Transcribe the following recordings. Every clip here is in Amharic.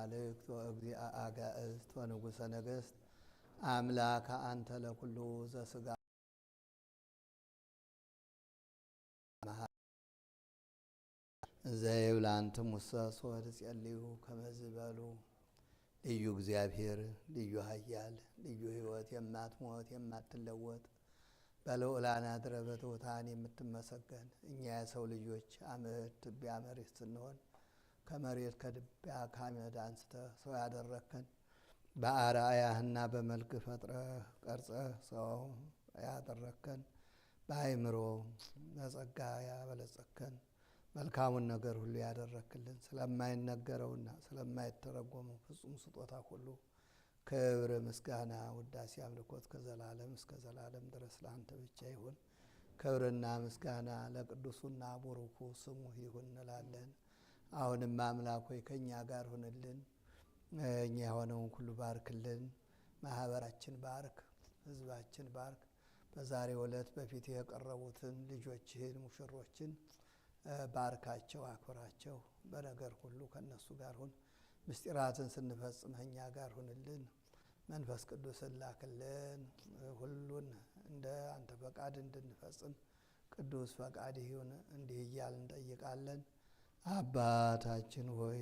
መላእክት ወእግዚአ አጋእዝት ወንጉሰ ነገስት አምላከ አንተ ለኩሉ ዘስጋ ዘይብላንት ሙሰ ሶወድ ጸልዩ ከመዝበሉ ልዩ እግዚአብሔር ልዩ ኃያል ልዩ ህይወት የማትሞት የማትለወጥ በልዑላን አድረ በትሑታን የምትመሰገን እኛ የሰው ልጆች አመድ ትቢያ መሬት ስንሆን ከመሬት ከድቢያ ከአመድ አንስተ ሰው ያደረግከን በአርአያህና በመልክ ፈጥረህ ቀርጸህ ሰው ያደረግከን በአእምሮ በጸጋ ያበለጸግከን መልካሙን ነገር ሁሉ ያደረክልን ስለማይነገረውና ስለማይተረጎመው ፍጹም ስጦታ ሁሉ ክብር፣ ምስጋና፣ ውዳሴ፣ አምልኮት ከዘላለም እስከ ዘላለም ድረስ ለአንተ ብቻ ይሁን። ክብርና ምስጋና ለቅዱሱና ቡሩኩ ስሙ ይሁን እንላለን። አሁንም አምላክ ሆይ ከእኛ ጋር ሁንልን። እኛ የሆነውን ሁሉ ባርክልን። ማህበራችን ባርክ፣ ህዝባችን ባርክ። በዛሬው ዕለት በፊት የቀረቡትን ልጆችህን ሙሽሮችን ባርካቸው፣ አክብራቸው። በነገር ሁሉ ከእነሱ ጋር ሁን። ምስጢራትን ስንፈጽም እኛ ጋር ሁንልን። መንፈስ ቅዱስን ላክልን። ሁሉን እንደ አንተ ፈቃድ እንድንፈጽም ቅዱስ ፈቃድ ይሁን። እንዲህ እያል እንጠይቃለን። አባታችን ሆይ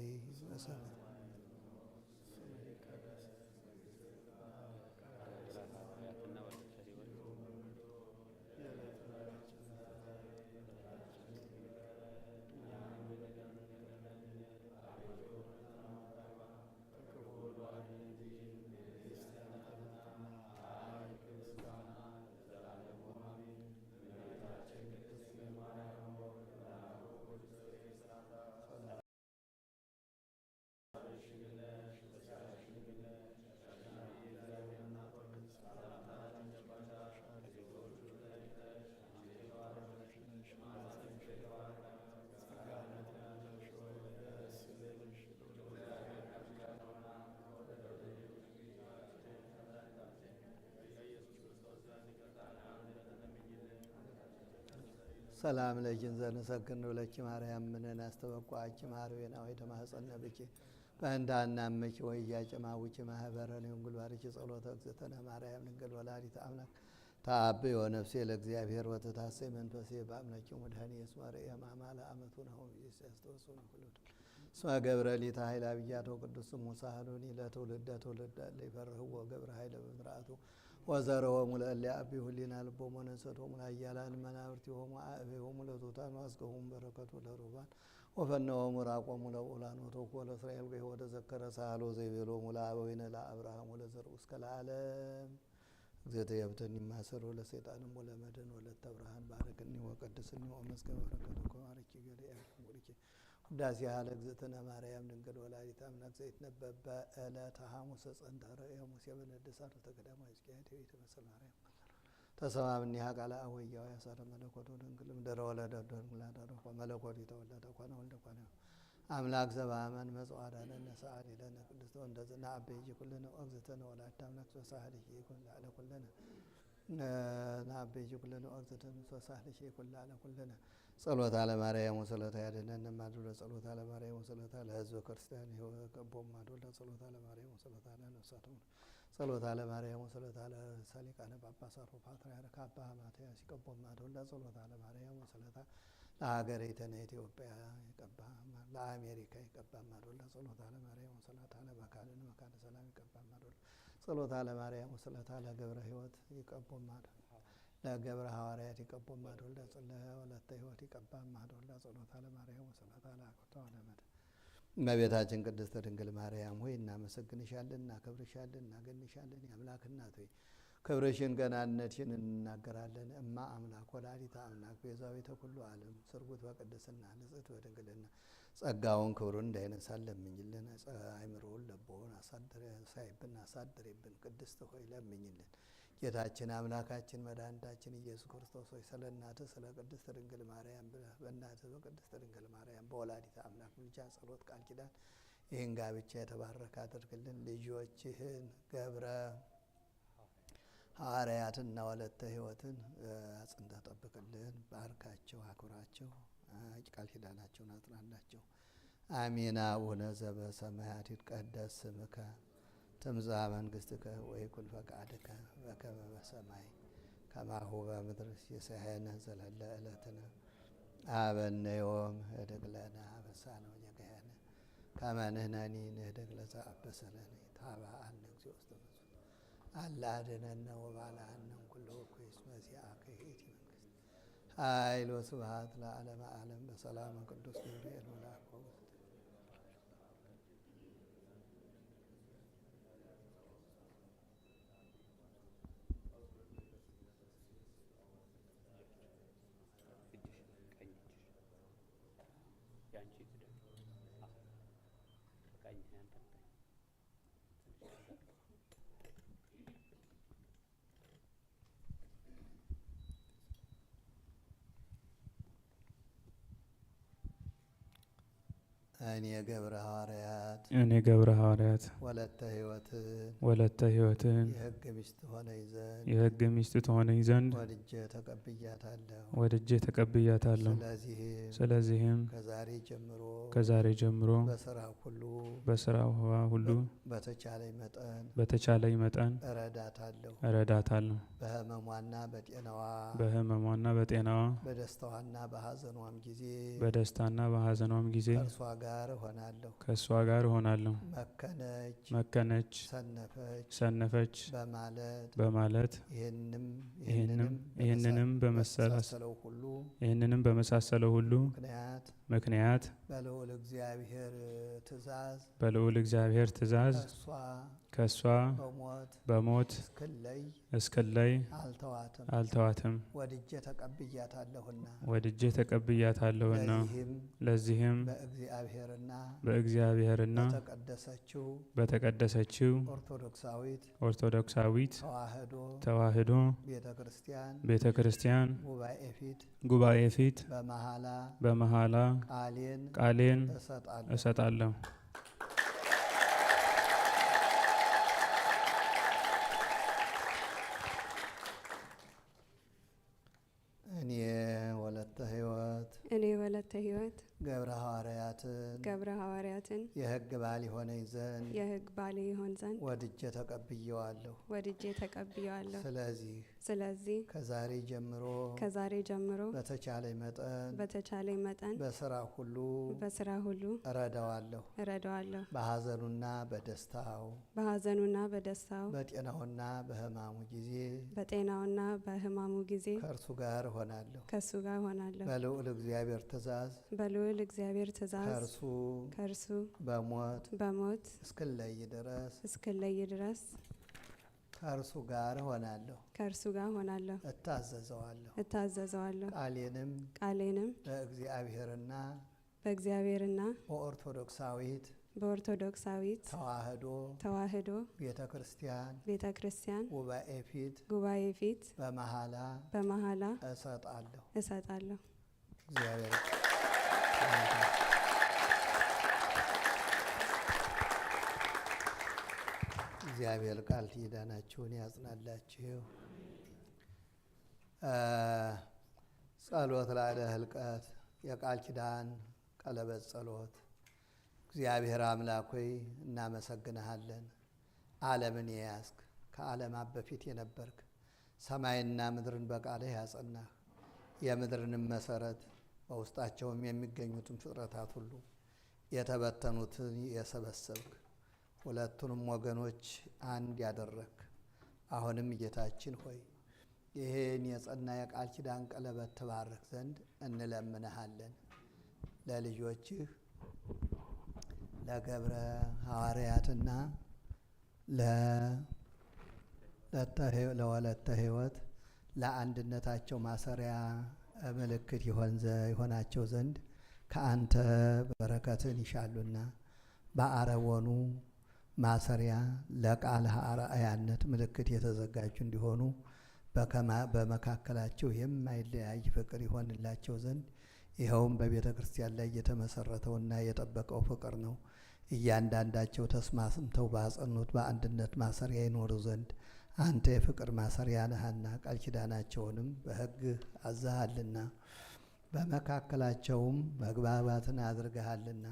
ሰላም ለኪን ዘንሰክን ብለኪ ማርያም ምንን አስተበቋኪ ማርቤና ወይ ተማህፀነ ብኪ በእንዳ እናምኪ ወያጭ ማውኪ ማህበረ ሊንጉል ባርኪ ጸሎተ እግዝእትነ ማርያም ድንግል ወላዲተ አምላክ ታአብ ወነፍሴ ለእግዚአብሔር ወተታሴ መንፈሴ በአምነኪ ሙድሃኒ የስማረ የማማ ለአመቱ ነው ያስተወሰኑ ሁሉድ ስማ ገብረ ሊተ ኃይል አብያቶ ቅዱስ ሙሳ ለትውልደ ትውልደ ሊፈርህዎ ገብረ ኃይለ በምርአቱ ወዘረወሙ ለእለ አብሁ ሊና ልቦሙ ወነሰቶሙ ኃያላን መናብርቲሆሙ አዕቤሆሙ ለቶታን ወአስገሆሙ በረከቱ ለሩባን ወፈነወሙ ራቆሙ ለኡላን ወተኮ ለእስራኤል ገይ ወደ ዘከረ ሳህሎ ዘይቤሎሙ ለአበዊነ ለአብርሃም ወለዘርኡ እስከ ለዓለም እግዝእትየ ብትኒ ማሰሮ ለሰይጣንም ወለመድን ወለተ ብርሃን ባረክኒ ወቀድስኒ ወመስገን በረከቱ ከማረኪ ገለ ያልኩ ውዳሴ ለእግዝእትነ ማርያም ድንግል ወላዲተ አምላክ ዘይትነበብ በዕለተ ሐሙስ ጸንተ ርእየ ሙሴ በነደሳት ተቀዳማዊ ሕዝቅያ ቤተ መሰል ማርያም ተሰማምኒ ቃለ አወያው ያሳረ መለኮቶ ድንግል ምድረ ወለደ ድንግል አዳረፈ መለኮት የተወለደ ኮነ ወልደ ኮነ አምላክ ዘበአመን መጽዋዕዳነ ነሰአሊ ለነ ቅድስት ወንደዝና አበይጂ ኩልነ እግዝእትነ ወላዲተ አምላክ ተሳህልይ ናበይ ኩለነ ወቅት ተንሶ ሳልሽ ኩላ ለኩለነ ጸሎታ ለማርያም ወሰለታ ያደነን ማድሎ ጸሎታ ለማርያም ወሰለታ ለህዝበ ክርስቲያን ቦም ማድሎ ጸሎታ ለማርያም ወሰለታ ለነፍሳቱ ጸሎታ ለማርያም ወሰለታ ለሰሊቃነ ጳጳሳት ፓትርያርክ አባ ማትያስ ይቀቦም ማድሎ ጸሎታ ለማርያም ወሰለታ ለሀገር የተነ ኢትዮጵያ ይቀባ ለአሜሪካ ይቀባ ማድሎ ጸሎታ ለማርያም ወሰለታ ለመካነ መካነ ሰላም ይቀባ ማድሎ ጸሎታ ለማርያም ወስለታ ለገብረ ሕይወት ይቀቦማል ለገብረ ሐዋርያት ይቀቦማል ወልደ ጽለህ ወለተ ሕይወት ይቀባማል ወልደ ጸሎታ ለማርያም ወስለታ ለአቅቶ ለመድ እመቤታችን ቅድስት ድንግል ማርያም ሆይ እናመሰግንሻለን፣ እናከብርሻለን፣ እናገንሻለን። የአምላክ እናት ሆይ ክብርሽን ገናነትሽን እንናገራለን። እማ አምላክ ወላዲተ አምላክ ቤዛዊተ ኩሉ ዓለም ስርጉት በቅድስና ንጽሕት በድንግልና ጸጋውን ክብሩን እንዳይነሳን ለምኝልን። አይምሮውን ለቦውን ሳይብን አሳድሬብን ቅድስት ሆይ ለምኝልን። ጌታችን አምላካችን መድኃኒታችን ኢየሱስ ክርስቶስ ሆይ ስለ እናትህ ስለ ቅድስት ድንግል ማርያም ብለህ በእናትህ በቅድስት ድንግል ማርያም በወላዲተ አምላክ ምልጃ ጸሎት ቃል ኪዳን ይህን ጋብቻ የተባረከ አድርግልን። ልጆችህን ገብረ ሐዋርያትና ወለተ ሕይወትን አጽንተ ጠብቅልን። ባርካቸው፣ አክብራቸው፣ ቃል ኪዳናቸውን አጽናላቸው። አሜን። አቡነ ዘበሰማያት ይትቀደስ ስምከ ትምጻእ መንግሥትከ ወይኩን ፈቃድከ በከመ በሰማይ ከማሁ በምድር ሲሳየነ ዘለለ ዕለትነ ሀበነ ዮም ንህደግ ለነ አበሳነ ወጌጋየነ ከመ ንሕነኒ ንህደግ ለዘ አበሰ ለነ ኢታብአነ እግዚኦ ውስተ አላ አድኅነነ ወባልዐነ እምኩለ ወኩይ እስመ ሲአከ ይእቲ መንግሥት ኃይል ወስብሐት ለዓለመ ዓለም በሰላም ቅዱስ ገብርኤል መልአክ Thank እኔ ገብረ ሐዋርያት እኔ ገብረ ሐዋርያት ወለተ ሕይወትን ወለተ ሕይወትን የሕግ ሚስት ሆነኝ ዘንድ የሕግ ሚስት ትሆነኝ ዘንድ ወድጄ ተቀብያታለሁ ወድጄ ተቀብያታለሁ። ስለዚህም ከዛሬ ጀምሮ ከዛሬ ጀምሮ በስራ ሁሉ በስራ ሁሉ በተቻለኝ መጠን በተቻለኝ መጠን እረዳታለሁ እረዳታለሁ በህመሟና በጤናዋ በህመሟና በጤናዋ በደስታዋና በሐዘኗም ጊዜ በደስታና በሐዘኗም ጊዜ ከእርሷ ጋር ጋር እሆናለሁ ከእሷ ጋር እሆናለሁ። መከነች መከነች ሰነፈች ሰነፈች በማለት በማለት ይህንም ይህንንም ይህንንም በመሰላሰለው ሁሉ ይህንንም በመሳሰለው ሁሉ ምክንያት ምክንያት በልዑል እግዚአብሔር ትእዛዝ በልዑል እግዚአብሔር ትእዛዝ ከእሷ በሞት እስክለይ አልተዋትም ወድጄ ተቀብያታለሁና ወድጄ ተቀብያታለሁና ለዚህም በእግዚአብሔርና በተቀደሰችው ኦርቶዶክሳዊት ተዋህዶ ቤተ ክርስቲያን ጉባኤ ፊት በመሃላ ቃሌን እሰጣለሁ ሕይወት ገብረ ሐዋርያትን ገብረ ሐዋርያትን የሕግ ባል የሆነኝ ዘንድ የሕግ ባል ይሆን ዘንድ ወድጄ ተቀብየዋለሁ ወድጄ ተቀብየዋለሁ። ስለዚህ ስለዚህ ከዛሬ ጀምሮ ከዛሬ ጀምሮ በተቻለ መጠን በተቻለ መጠን በስራ ሁሉ በስራ ሁሉ እረዳዋለሁ እረዳዋለሁ በሐዘኑና በደስታው በሐዘኑና በደስታው በጤናውና በህማሙ ጊዜ በጤናውና በህማሙ ጊዜ ከእርሱ ጋር ሆናለሁ ከእሱ ጋር ሆናለሁ በልዑል እግዚአብሔር ትእዛዝ በልዑል እግዚአብሔር ትእዛዝ ከእርሱ ከእርሱ በሞት በሞት እስክለይ ድረስ እስክለይ ድረስ ከእርሱ ጋር ሆናለሁ ከእርሱ ጋር ሆናለሁ እታዘዘዋለሁ እታዘዘዋለሁ ቃሌንም ቃሌንም በእግዚአብሔርና በእግዚአብሔርና በኦርቶዶክሳዊት በኦርቶዶክሳዊት ተዋህዶ ተዋህዶ ቤተ ክርስቲያን ቤተ ክርስቲያን ጉባኤ ፊት ጉባኤ ፊት በመሃላ በመሃላ እሰጣለሁ እሰጣለሁ እግዚአብሔር እግዚአብሔር ቃል ኪዳናችሁን ያጽናላችሁ። ጸሎት ላለ ህልቀት የቃል ኪዳን ቀለበት ጸሎት። እግዚአብሔር አምላክ ሆይ እናመሰግንሃለን። ዓለምን የያዝክ ከዓለማት በፊት የነበርክ ሰማይና ምድርን በቃልህ ያጸናህ የምድርንም መሰረት በውስጣቸውም የሚገኙትን ፍጥረታት ሁሉ የተበተኑትን የሰበሰብክ ሁለቱንም ወገኖች አንድ ያደረግክ አሁንም ጌታችን ሆይ ይህን የጸና የቃል ኪዳን ቀለበት ትባርክ ዘንድ እንለምንሃለን። ለልጆችህ ለገብረ ሐዋርያትና ለወለተ ሕይወት ለአንድነታቸው ማሰሪያ ምልክት ይሆናቸው ዘንድ ከአንተ በረከትን ይሻሉና በአረወኑ ማሰሪያ ለቃል አርአያነት ምልክት የተዘጋጁ እንዲሆኑ በመካከላቸው የማይለያይ ፍቅር ይሆንላቸው ዘንድ ይኸውም በቤተ ክርስቲያን ላይ የተመሰረተውና የጠበቀው ፍቅር ነው። እያንዳንዳቸው ተስማምተው ባጸኑት በአንድነት ማሰሪያ ይኖሩ ዘንድ አንተ የፍቅር ማሰሪያ ነህና ቃል ኪዳናቸውንም በሕግ አዛሃልና በመካከላቸውም መግባባትን አድርገሃልና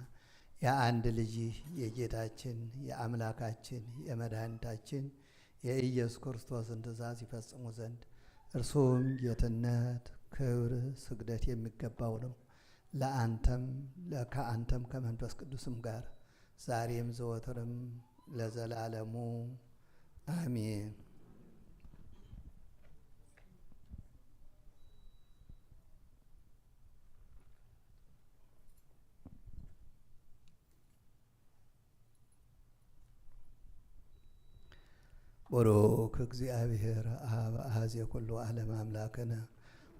የአንድ ልጅ የጌታችን የአምላካችን የመድኃኒታችን የኢየሱስ ክርስቶስን ትእዛዝ ይፈጽሙ ዘንድ እርሱም ጌትነት፣ ክብር፣ ስግደት የሚገባው ነው። ለአንተም ከአንተም ከመንፈስ ቅዱስም ጋር ዛሬም ዘወትርም ለዘላለሙ አሜን። ቡሩክ እግዚአብሔር አብ አኀዜ ኩሉ ዓለም አምላክነ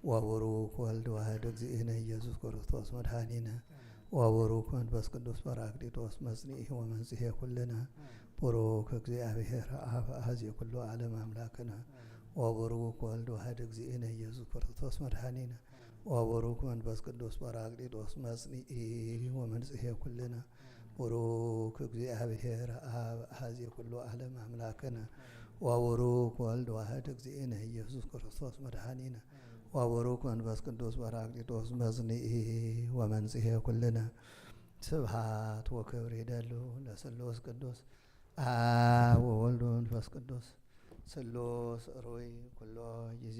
ወቡሩክ ወልድ ዋህድ እግዚእነ ኢየሱስ ክርስቶስ መድኃኒነ ወቡሩክ መንፈስ ቅዱስ ጰራቅሊጦስ መጽንዒ ወመንጽሔ ኩልነ ቡሩክ እግዚአብሔር አብ አኀዜ ኩሉ ዓለም አምላክነ ወቡሩክ ወልድ ዋህድ እግዚእነ ኢየሱስ ክርስቶስ መድኃኒነ ወቡሩክ መንፈስ ቅዱስ ጰራቅሊጦስ መጽንዒ ወመንጽሔ ኩልነ ቡሩክ እግዚአብሔር አብ አኀዜ ኩሉ ዓለም አምላክነ ዋወሩክ ወልድ ዋህድ እግዚእነ ኢየሱስ ክርስቶስ መድኃኒነ ዋወሩክ መንፈስ ቅዱስ በራቅሊጦስ መዝኒኢ ወመንጽሔ ኩልነ ስብሃት ወክብር ይደሉ ለስሉስ ቅዱስ አብ ወወልድ ወመንፈስ ቅዱስ ስሉስ ሩይ ኩሎ ጊዜ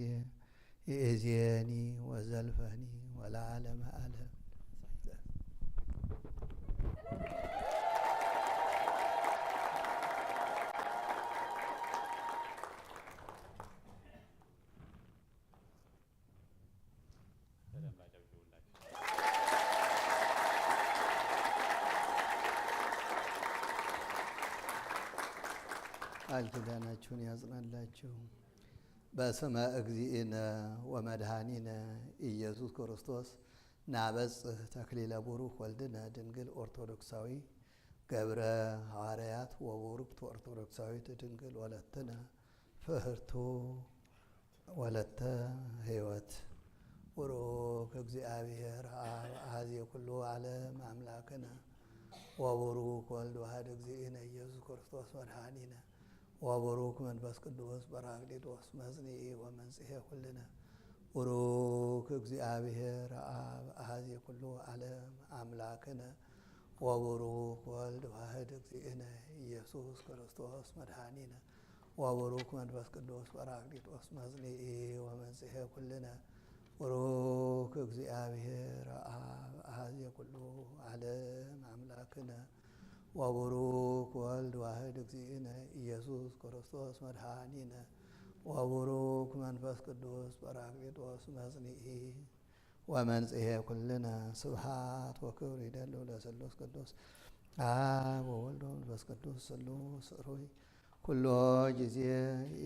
ይእዜኒ ወዘልፈኒ ወለዓለመ ዓለም ይድረሳችሁ። በስመ እግዚእነ ወመድኃኒነ ኢየሱስ ክርስቶስ ናበጽህ ተክሊለ ቡሩክ ወልድነ ድንግል ኦርቶዶክሳዊ ገብረ ሐዋርያት ወቡሩክት ኦርቶዶክሳዊት ድንግል ወለትነ ፍህርቱ ወለተ ቡሩክ እግዚአብሔር አብ ኩሉ ዓለም አምላክነ ወቡሩክ ወልድ እግዚእነ ኢየሱስ ክርስቶስ መድኃኒነ ወቡሩክ መንፈስ ቅዱስ ጰራቅሊጦስ መጽንኤ ወመንጽሄ ኩልነ ቡሩክ እግዚአብሔር አብ አኀዜ ኩሉ ዓለም አምላክነ ወቡሩክ ወልድ ዋህድ እግዚእነ ኢየሱስ ክርስቶስ መድኃኒነ ወቡሩክ መንፈስ ቅዱስ ጰራቅሊጦስ መጽንኤ ወመንጽሔ ኩልነ ቡሩክ እግዚአብሔር አብ አኀዜ ኩሉ ዓለም አምላክነ ወቡሩክ ወልድ ዋህድ እግዚእነ ኢየሱስ ክርስቶስ መድኃኒነ ወቡሩክ መንፈስ ቅዱስ ጰራቅሊጦስ መጽንዒ ወመንጽሔ ኩልነ ስብሃት ወክብር ይደልው ለስሉስ ቅዱስ አብ ወወልድ ወመንፈስ ቅዱስ ስሉስ ሩይ ኩሎ ጊዜ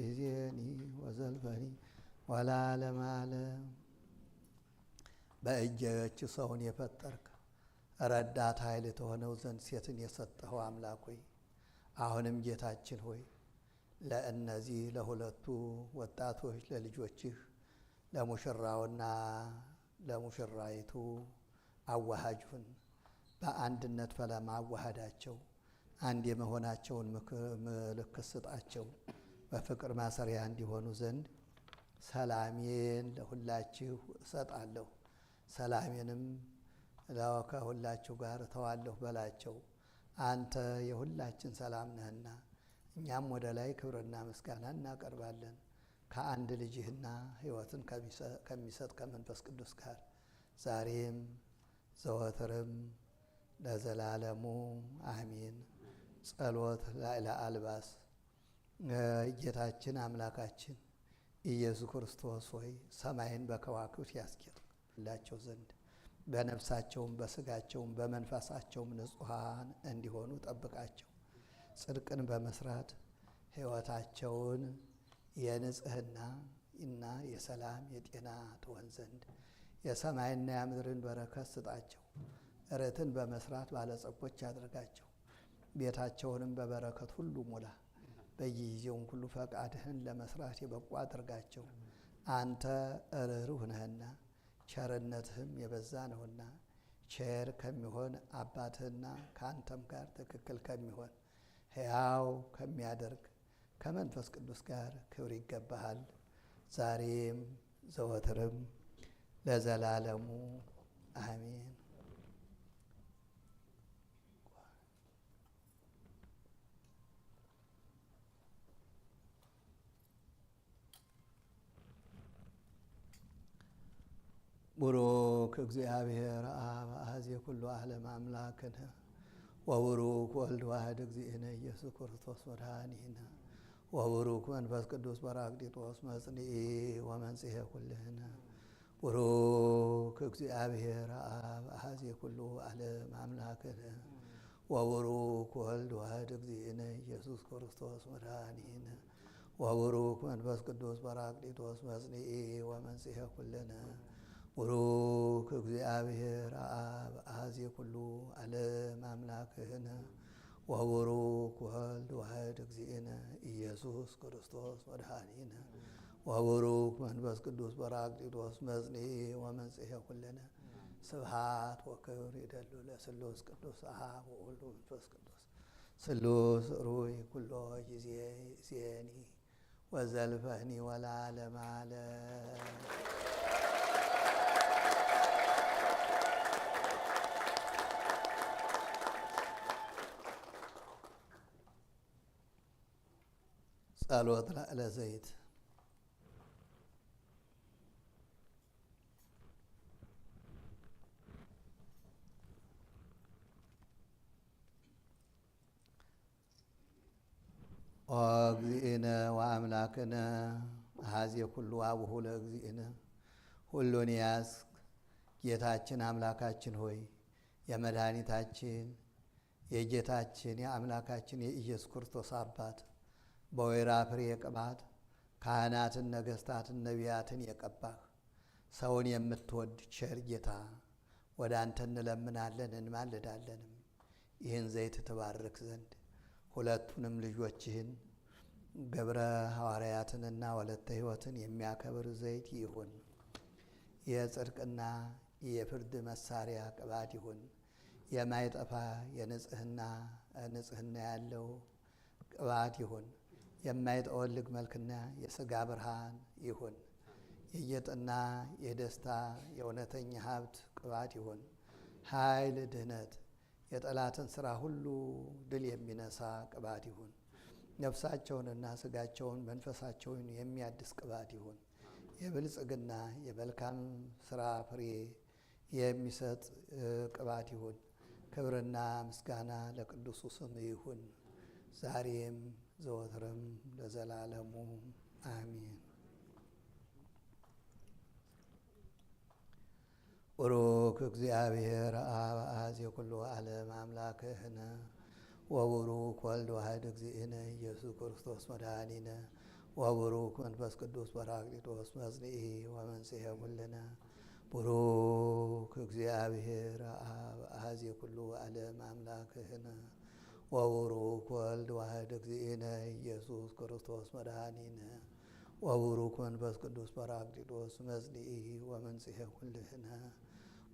ይዜኒ ወዘልፈኒ ወላለማለ በእጆች ሰውን የፈጠርክ ረዳት ኃይል የተሆነው ዘንድ ሴትን የሰጠኸው አምላክ ሆይ አሁንም ጌታችን ሆይ ለእነዚህ ለሁለቱ ወጣቶች ለልጆችህ ለሙሽራውና ለሙሽራይቱ አዋሃጅሁን በአንድነት በለማዋሃዳቸው አንድ የመሆናቸውን ምልክት ስጣቸው። በፍቅር ማሰሪያ እንዲሆኑ ዘንድ ሰላሜን ለሁላችሁ እሰጣለሁ። ሰላሜንም እዳው ከሁላችሁ ጋር እተዋለሁ በላቸው፣ አንተ የሁላችን ሰላም ነህና፣ እኛም ወደ ላይ ክብርና ምስጋና እናቀርባለን ከአንድ ልጅህና ሕይወትን ከሚሰጥ ከመንፈስ ቅዱስ ጋር ዛሬም ዘወትርም ለዘላለሙ አሚን። ጸሎት ለአልባስ ጌታችን አምላካችን ኢየሱስ ክርስቶስ ሆይ ሰማይን በከዋክብት ያስጌጥ ላቸው ዘንድ በነፍሳቸውም በስጋቸውም በመንፈሳቸውም ንጹሐን እንዲሆኑ ጠብቃቸው። ጽድቅን በመስራት ህይወታቸውን የንጽህና እና የሰላም የጤና ትሆን ዘንድ የሰማይና የምድርን በረከት ስጣቸው። እርትን በመስራት ባለጸጎች ያድርጋቸው። ቤታቸውንም በበረከት ሁሉ ሙላ። በየጊዜውም ሁሉ ፈቃድህን ለመስራት የበቁ አድርጋቸው። አንተ ርኅሩህ ነህና ቸርነትህም የበዛ ነውና ቸር ከሚሆን አባትህና ከአንተም ጋር ትክክል ከሚሆን ሕያው ከሚያደርግ ከመንፈስ ቅዱስ ጋር ክብር ይገባሃል ዛሬም ዘወትርም ለዘላለሙ አሜን። ቡሩክ እግዚአብሔር አብ አሐዜ ኩሉ ዓለም አምላክነ ወቡሩክ ወልድ ዋህድ እግዚእነ ኢየሱስ ክርስቶስ ወድኃኒነ ወቡሩክ መንፈስ ቅዱስ ጰራቅሊጦስ መጽንኢ ወመንጽሔ ኩልነ ቡሩክ እግዚአብሔር አብ አሐዜ ኩሉ ዓለም አምላክነ ወቡሩክ ወልድ ዋህድ እግዚእነ ኢየሱስ ክርስቶስ ወድኃኒነ ወቡሩክ መንፈስ ቅዱስ ጰራቅሊጦስ መጽንኢ ወመንጽሔ ኩልነ ቡሩክ እግዚአብሔር አብ አዜ ኩሉ ዓለም አምላክህነ ወቡሩክ ወልድ ዋህድ እግዚእነ ኢየሱስ ክርስቶስ ወድሃኒነ ወቡሩክ መንፈስ ቅዱስ በራቅሊጦስ መጽንዒ ወመንጽሔ ኩለነ ስብሃት ወክብር ይደሉ ለስሉስ ቅዱስ አብ ወወልድ መንፈስ ቅዱስ ስሉስ ሩይ ኩሎ ጊዜ ዜኒ ወዘልፈኒ ወላለም አለ ጸሎት ለዘይት እግዚእነ ወአምላክነ አኀዜ ኩሉ አቡሁ ለእግዚእነ ሁሉን ያስክ ጌታችን አምላካችን ሆይ የመድኃኒታችን የጌታችን የአምላካችን የኢየሱስ ክርስቶስ አባት በወይራ ፍሬ ቅባት ካህናትን፣ ነገስታትን፣ ነቢያትን የቀባህ ሰውን የምትወድ ቸር ጌታ ወደ አንተ እንለምናለን እንማልዳለንም ይህን ዘይት ትባርክ ዘንድ ሁለቱንም ልጆችህን ገብረ ሐዋርያትንና ወለተ ሕይወትን የሚያከብር ዘይት ይሁን። የጽድቅና የፍርድ መሳሪያ ቅባት ይሁን። የማይጠፋ የንጽህና ንጽህና ያለው ቅባት ይሁን። የማይጠወልግ መልክና የስጋ ብርሃን ይሁን። የጌጥና የደስታ የእውነተኛ ሀብት ቅባት ይሁን። ኃይል፣ ድህነት የጠላትን ስራ ሁሉ ድል የሚነሳ ቅባት ይሁን። ነፍሳቸውንና ስጋቸውን መንፈሳቸውን የሚያድስ ቅባት ይሁን። የብልጽግና የመልካም ስራ ፍሬ የሚሰጥ ቅባት ይሁን። ክብርና ምስጋና ለቅዱሱ ስም ይሁን ዛሬም ዘወትርም ለዘላለሙ አሚን። ቡሩክ እግዚአብሔር አብ አዝ ኩሉ ዓለም አምላክህነ ወቡሩክ ወልድ ዋህድ እግዚእነ ኢየሱስ ክርስቶስ መድኃኒነ ወቡሩክ መንፈስ ቅዱስ ጰራቅሊጦስ መጽንኢ ወመንጽሄ ኩልነ። ቡሩክ እግዚአብሔር አብ አዝ ኩሉ ዓለም አምላክህነ وبروك والد وحدك زينا يسوس كرستوس مدانينا وبروك من بس قدوس براكتوس مزنئه إيه ومن سيه كلهنا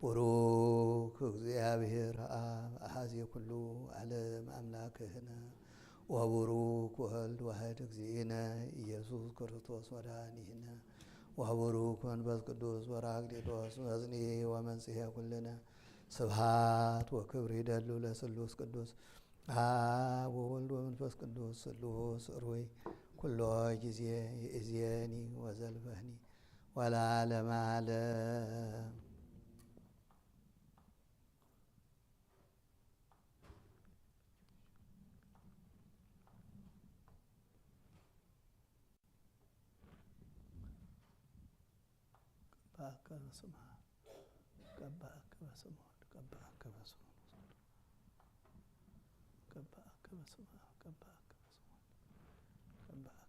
بروك زيابير آم أحازي كلو علم أملاكهنا وبروك والد وحدك زينا يسوس كرستوس مدانينا وبروك من بس قدوس براكتوس مزنئه إيه ومن سيه كلنا سبحات وكبري دلو لسلوس قدوس አብ ወወልድ ወመንፈስ ቅዱስ ስሉስ ሩይ ኩሎ ጊዜ ይእዜኒ ወዘልፈኒ ወላለም አለም በአካል ስማ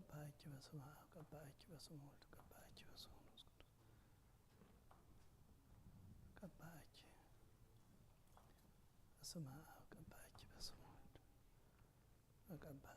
Kapachva Samaha, Kapachva Samulta, Kapachva Samus. Kapati. Samaha, Kapachva Samulta. Kapati.